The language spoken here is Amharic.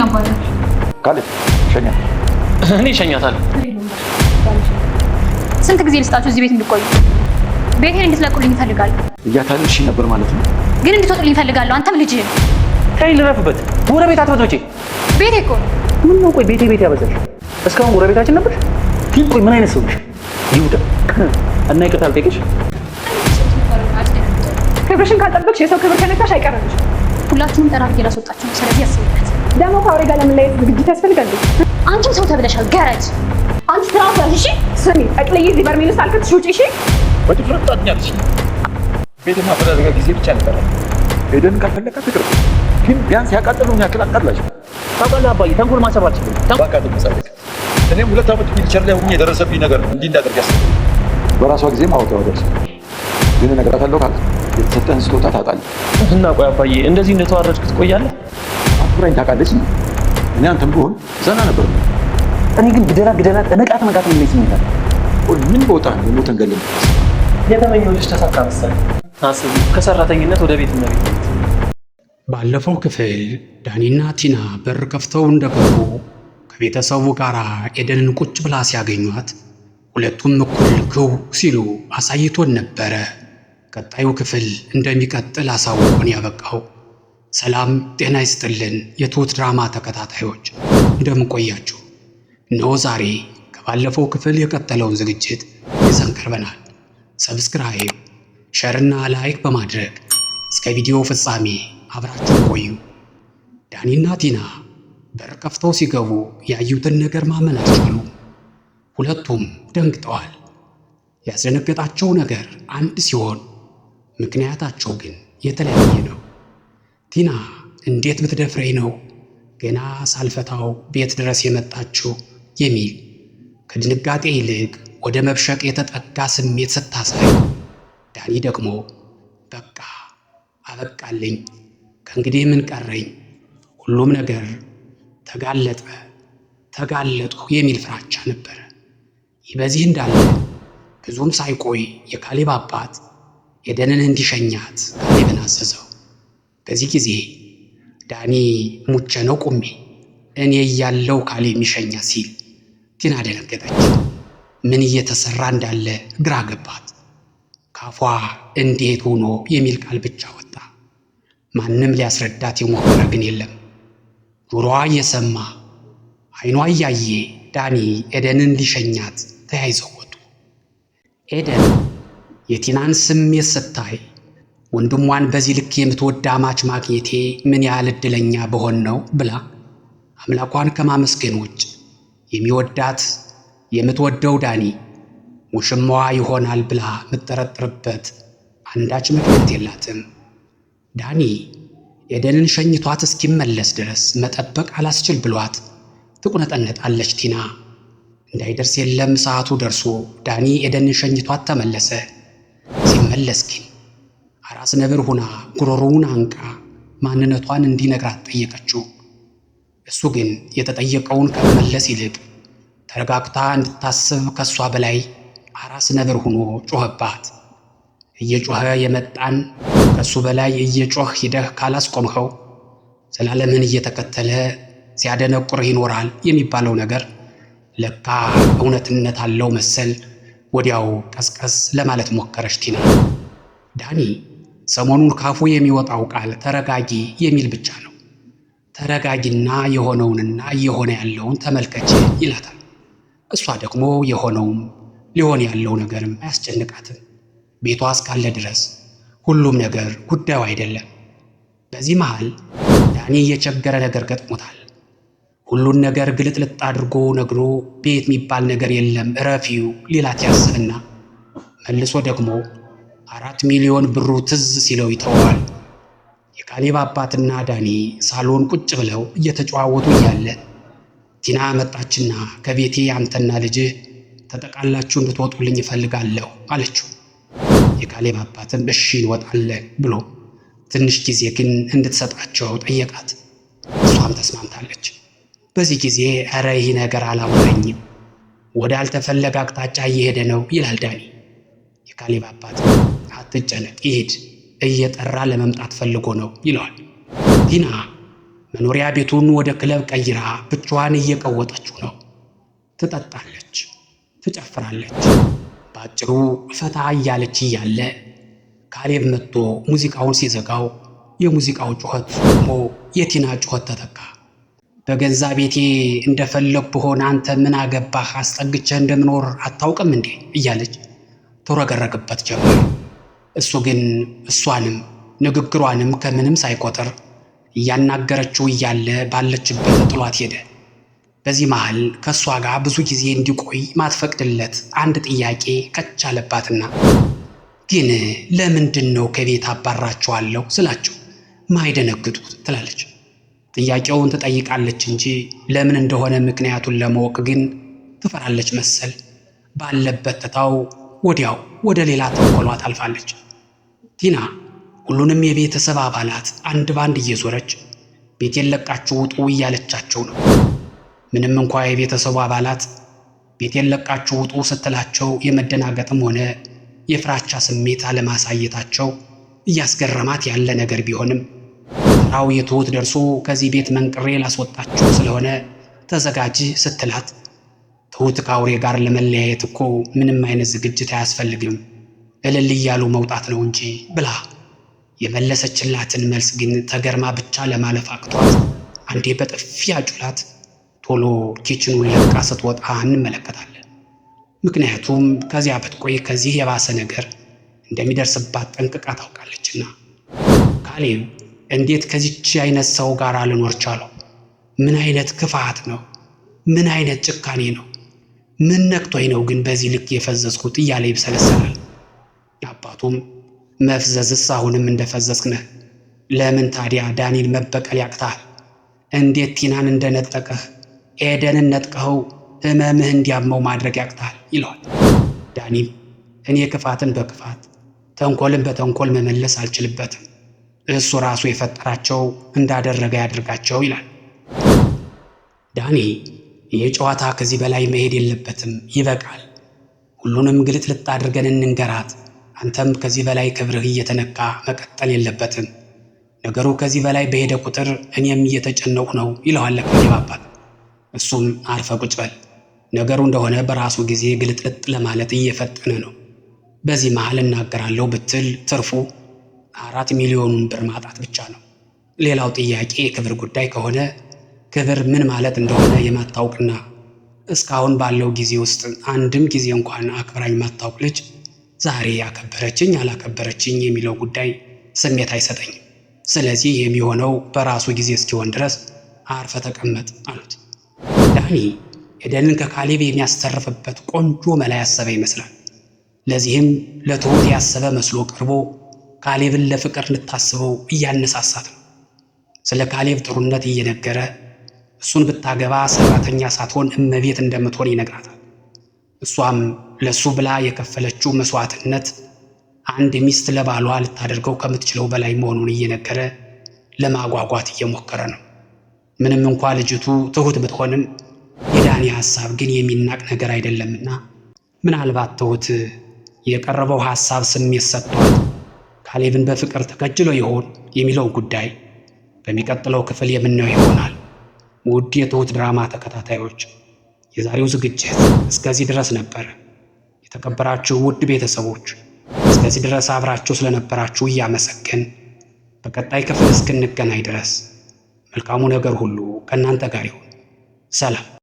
ያባላል። ካሌብ ሸኛት። እኔ ሸኛታለሁ። ስንት ጊዜ ልስጣችሁ እዚህ ቤት እንድቆዩ? ቤቴን እንድትለቁልኝ እፈልጋለሁ። እያታለልሽ ነበር ማለት ነው። ግን እንድትወጡልኝ እፈልጋለሁ። አንተም ልጅህን ተይ፣ ልረፍበት። ጎረቤት አትበቶቼ ቤቴ እኮ ምን ነው? ቆይ ቤቴ ቤቴ ያበዛል። እስካሁን ጎረቤታችን ነበር ግን ቆይ ምን አይነት ሰው ነሽ ይሁዳ? እና ይቅርታ አልጠይቅሽ ክብርሽን ካልጠበቅሽ የሰው ክብር ከነካሽ አይቀርምሽ። ሁላችሁም ጠራርጌ ላስወጣችሁ። ስለዚህ ያስብበት ደግሞ ከአውሬ ጋር ለመለየት ዝግጅት ያስፈልጋል። አንቺም ሰው ተብለሻል ገረድ። አንቺ ስራት ያዝ። እሺ ስሚ፣ ጠቅልዬ እዚህ በርሜል ውስጥ አልከትሽ ውጪ። እሺ በድፍረት ታጥኛለሽ። ቤት ማፈላለጋ ጊዜ ብቻ ነበረ። ኤደን ካልፈለጋ ፍቅር ግን ቢያንስ ያቃጠሉን ያክል አቃጥላሽ ታውቃለህ። አባዬ ተንኮል ማሰብ አልችልም። በቃ ትመሳለቅ። እኔም ሁለት ዓመት ዊልቸር ላይ ሆኜ የደረሰብኝ ነገር ነው እንዲህ እንዳደርግ ያስብ በራሷ ጊዜ ማወቅ ያደርስ ግን እነግራታለሁ ካለ የተሰጠህን ስጦታ ታጣለህ። እና ቆይ አባዬ እንደዚህ እንደተዋረድክ ትቆያለህ? አክብራኝ ታውቃለች። እኔ አንተም ብሆን ዘና ነበር። እኔ ግን ግደላት ግደላት እነቃት ነቃት ነው የሚል ስሜት አለ። ምን ቦታ ነው ሞተን ገለል የተመኘሁልሽ ተሳካ መሰለኝ። አስቡ ከሰራተኝነት ወደ ቤት መሪ ባለፈው ክፍል ዳኒና ቲና በር ከፍተው እንደገቡ ከቤተሰቡ ጋር ኤደንን ቁጭ ብላ ሲያገኟት ሁለቱም እኩል ግው ሲሉ አሳይቶን ነበረ። ቀጣዩ ክፍል እንደሚቀጥል አሳውቆን ያበቃው ሰላም ጤና ይስጥልን የትሁት ድራማ ተከታታዮች እንደምንቆያችሁ፣ እነሆ ዛሬ ከባለፈው ክፍል የቀጠለውን ዝግጅት ይዘን ቀርበናል። ሰብስክራይብ፣ ሸርና ላይክ በማድረግ እስከ ቪዲዮ ፍጻሜ አብራችሁ ቆዩ። ዳኒና ቲና በር ከፍተው ሲገቡ ያዩትን ነገር ማመን አልቻሉም። ሁለቱም ደንግጠዋል። ያስደነገጣቸው ነገር አንድ ሲሆን ምክንያታቸው ግን የተለያየ ነው። ቲና እንዴት ብትደፍረኝ ነው ገና ሳልፈታው ቤት ድረስ የመጣችው የሚል ከድንጋጤ ይልቅ ወደ መብሸቅ የተጠጋ ስሜት ስታሳይ፣ ዳኒ ደግሞ በቃ አበቃልኝ፣ ከእንግዲህ ምን ቀረኝ፣ ሁሉም ነገር ተጋለጠ፣ ተጋለጡ የሚል ፍራቻ ነበረ። ይህ በዚህ እንዳለ ብዙም ሳይቆይ የካሌብ አባት ኤደንን እንዲሸኛት ካሌብን አዘዘው። በዚህ ጊዜ ዳኒ ሙቸ ነው ቁሜ እኔ እያለው ካል የሚሸኛ ሲል ቲና ደነገጠች። ምን እየተሰራ እንዳለ ግራ ገባት። ካፏ እንዴት ሆኖ የሚል ቃል ብቻ ወጣ። ማንም ሊያስረዳት የሞከረ ግን የለም። ጆሮዋ እየሰማ አይኗ እያየ ዳኒ ኤደንን ሊሸኛት ተያይዘው ወጡ። ኤደን የቲናን ስሜት ስታይ ወንድሟን በዚህ ልክ የምትወድ አማች ማግኘቴ ምን ያህል እድለኛ በሆን ነው ብላ አምላኳን ከማመስገን ውጭ የሚወዳት የምትወደው ዳኒ ሙሽማዋ ይሆናል ብላ የምትጠረጥርበት አንዳች ምክንያት የላትም። ዳኒ ኤደንን ሸኝቷት እስኪመለስ ድረስ መጠበቅ አላስችል ብሏት ትቁነጠነጣለች። ቲና እንዳይደርስ የለም ሰዓቱ ደርሶ ዳኒ ኤደንን ሸኝቷት ተመለሰ። ሲመለስ ግን አራስ ነብር ሆና ጉሮሮውን አንቃ ማንነቷን እንዲነግራት ጠየቀችው። እሱ ግን የተጠየቀውን ከመመለስ ይልቅ ተረጋግታ እንድታስብ ከእሷ በላይ አራስ ነብር ሆኖ ጮኸባት። እየጮኸ የመጣን ከእሱ በላይ እየጮህ ሂደህ ካላስቆምኸው ዘላለምን እየተከተለ ሲያደነቁርህ ይኖራል የሚባለው ነገር ለካ እውነትነት አለው መሰል። ወዲያው ቀስቀስ ለማለት ሞከረች ቲና ዳኒ ሰሞኑን ካፉ የሚወጣው ቃል ተረጋጊ የሚል ብቻ ነው። ተረጋጊና የሆነውንና እየሆነ ያለውን ተመልከች ይላታል። እሷ ደግሞ የሆነውም ሊሆን ያለው ነገርም አያስጨንቃትም። ቤቷ እስካለ ድረስ ሁሉም ነገር ጉዳዩ አይደለም። በዚህ መሃል ዳኒ የቸገረ ነገር ገጥሞታል። ሁሉን ነገር ግልጥልጥ አድርጎ ነግሮ ቤት የሚባል ነገር የለም እረፊው ሊላት ያስብና መልሶ ደግሞ አራት ሚሊዮን ብሩ ትዝ ሲለው ይተዋል። የካሌብ አባትና ዳኒ ሳሎን ቁጭ ብለው እየተጨዋወቱ እያለ ቲና መጣችና ከቤቴ አንተና ልጅህ ተጠቃላችሁ እንድትወጡልኝ እፈልጋለሁ አለችው። የካሌብ አባትም እሺ እንወጣለን ብሎ ትንሽ ጊዜ ግን እንድትሰጣቸው ጠየቃት። እሷም ተስማምታለች። በዚህ ጊዜ እረ ይህ ነገር አላወረኝም ወደ አልተፈለገ አቅጣጫ እየሄደ ነው ይላል ዳኒ የካሌብ አባት አትጨነቅ፣ ይሄድ እየጠራ ለመምጣት ፈልጎ ነው ይለዋል። ቲና መኖሪያ ቤቱን ወደ ክለብ ቀይራ ብቻዋን እየቀወጠችው ነው። ትጠጣለች፣ ትጨፍራለች። በአጭሩ ፈታ እያለች እያለ ካሌብ መጥቶ ሙዚቃውን ሲዘጋው የሙዚቃው ጩኸት ቆሞ የቲና ጩኸት ተተካ። በገዛ ቤቴ እንደፈለግ ብሆን አንተ ምን አገባህ? አስጠግቼ እንደምኖር አታውቅም እንዴ? እያለች ተውረገረግበት ጀመር። እሱ ግን እሷንም ንግግሯንም ከምንም ሳይቆጥር እያናገረችው እያለ ባለችበት ጥሏት ሄደ። በዚህ መሃል ከእሷ ጋር ብዙ ጊዜ እንዲቆይ ማትፈቅድለት አንድ ጥያቄ ከች አለባትና ግን ለምንድን ነው ከቤት አባራችኋለሁ ስላቸው ማይደነግጡ ትላለች። ጥያቄውን ትጠይቃለች እንጂ ለምን እንደሆነ ምክንያቱን ለማወቅ ግን ትፈራለች መሰል ባለበት ትታው ወዲያው ወደ ሌላ ተንኮሏ ታልፋለች። ቲና ሁሉንም የቤተሰብ አባላት አንድ ባንድ እየዞረች ቤቴን ለቃችሁ ውጡ እያለቻቸው ነው። ምንም እንኳ የቤተሰቡ አባላት ቤቴን ለቃችሁ ውጡ ስትላቸው የመደናገጥም ሆነ የፍራቻ ስሜት አለማሳየታቸው እያስገረማት ያለ ነገር ቢሆንም ተራው የትሁት ደርሶ ከዚህ ቤት መንቅሬ ላስወጣችሁ ስለሆነ ተዘጋጅ ስትላት ትሁት ከአውሬ ጋር ለመለያየት እኮ ምንም አይነት ዝግጅት አያስፈልግም እልል እያሉ መውጣት ነው እንጂ ብላ የመለሰችላትን መልስ ግን ተገርማ ብቻ ለማለፍ አቅቷት አንዴ በጥፊ አጩላት ቶሎ ኪችኑን ለቃ ስትወጣ እንመለከታለን። ምክንያቱም ከዚያ ብትቆይ ከዚህ የባሰ ነገር እንደሚደርስባት ጠንቅቃ ታውቃለችና። ካሌብ እንዴት ከዚች አይነት ሰው ጋር ልኖር ቻለው? ምን አይነት ክፋት ነው? ምን አይነት ጭካኔ ነው? ምን ነክቶኝ ነው ግን በዚህ ልክ የፈዘዝኩት እያለ ይብሰለሰላል። አባቱም መፍዘዝስ አሁንም እንደፈዘዝክ ነህ። ለምን ታዲያ ዳኒል መበቀል ያቅታል? እንዴት ቲናን እንደነጠቀህ ኤደንን ነጥቀኸው ህመምህ እንዲያመው ማድረግ ያቅታል ይለዋል። ዳኒም እኔ ክፋትን በክፋት ተንኮልን በተንኮል መመለስ አልችልበትም፣ እሱ ራሱ የፈጠራቸው እንዳደረገ ያድርጋቸው ይላል ዳኒ ይህ ጨዋታ ከዚህ በላይ መሄድ የለበትም፣ ይበቃል። ሁሉንም ግልጥልጥ አድርገን እንንገራት። አንተም ከዚህ በላይ ክብርህ እየተነካ መቀጠል የለበትም። ነገሩ ከዚህ በላይ በሄደ ቁጥር እኔም እየተጨነቁ ነው ይለዋል ለከሌብ አባት። እሱም አርፈ ቁጭ በል፣ ነገሩ እንደሆነ በራሱ ጊዜ ግልጥልጥ ለማለት እየፈጠነ ነው። በዚህ መሃል እናገራለሁ ብትል ትርፉ አራት ሚሊዮኑን ብር ማጣት ብቻ ነው። ሌላው ጥያቄ የክብር ጉዳይ ከሆነ ክብር ምን ማለት እንደሆነ የማታውቅና እስካሁን ባለው ጊዜ ውስጥ አንድም ጊዜ እንኳን አክብራኝ የማታውቅ ልጅ ዛሬ ያከበረችኝ አላከበረችኝ የሚለው ጉዳይ ስሜት አይሰጠኝም። ስለዚህ የሚሆነው በራሱ ጊዜ እስኪሆን ድረስ አርፈ ተቀመጥ አሉት። ዳኒ ኤደንን ከካሌብ የሚያስተርፍበት ቆንጆ መላ ያሰበ ይመስላል። ለዚህም ለትሁት ያሰበ መስሎ ቀርቦ ካሌብን ለፍቅር ልታስበው እያነሳሳት ነው። ስለ ካሌብ ጥሩነት እየነገረ እሱን ብታገባ ሰራተኛ ሳትሆን እመቤት እንደምትሆን ይነግራታል። እሷም ለሱ ብላ የከፈለችው መስዋዕትነት አንድ ሚስት ለባሏ ልታደርገው ከምትችለው በላይ መሆኑን እየነገረ ለማጓጓት እየሞከረ ነው። ምንም እንኳ ልጅቱ ትሁት ብትሆንም የዳኒ ሐሳብ ግን የሚናቅ ነገር አይደለምና ምናልባት ትሁት የቀረበው ሐሳብ ስሜት ሰጥቷት ካሌብን በፍቅር ተከጅሎ ይሆን የሚለው ጉዳይ በሚቀጥለው ክፍል የምናየው ይሆናል። ውድ የትሁት ድራማ ተከታታዮች የዛሬው ዝግጅት እስከዚህ ድረስ ነበር። የተከበራችሁ ውድ ቤተሰቦች እስከዚህ ድረስ አብራችሁ ስለነበራችሁ እያመሰገን በቀጣይ ክፍል እስክንገናኝ ድረስ መልካሙ ነገር ሁሉ ከእናንተ ጋር ይሁን። ሰላም።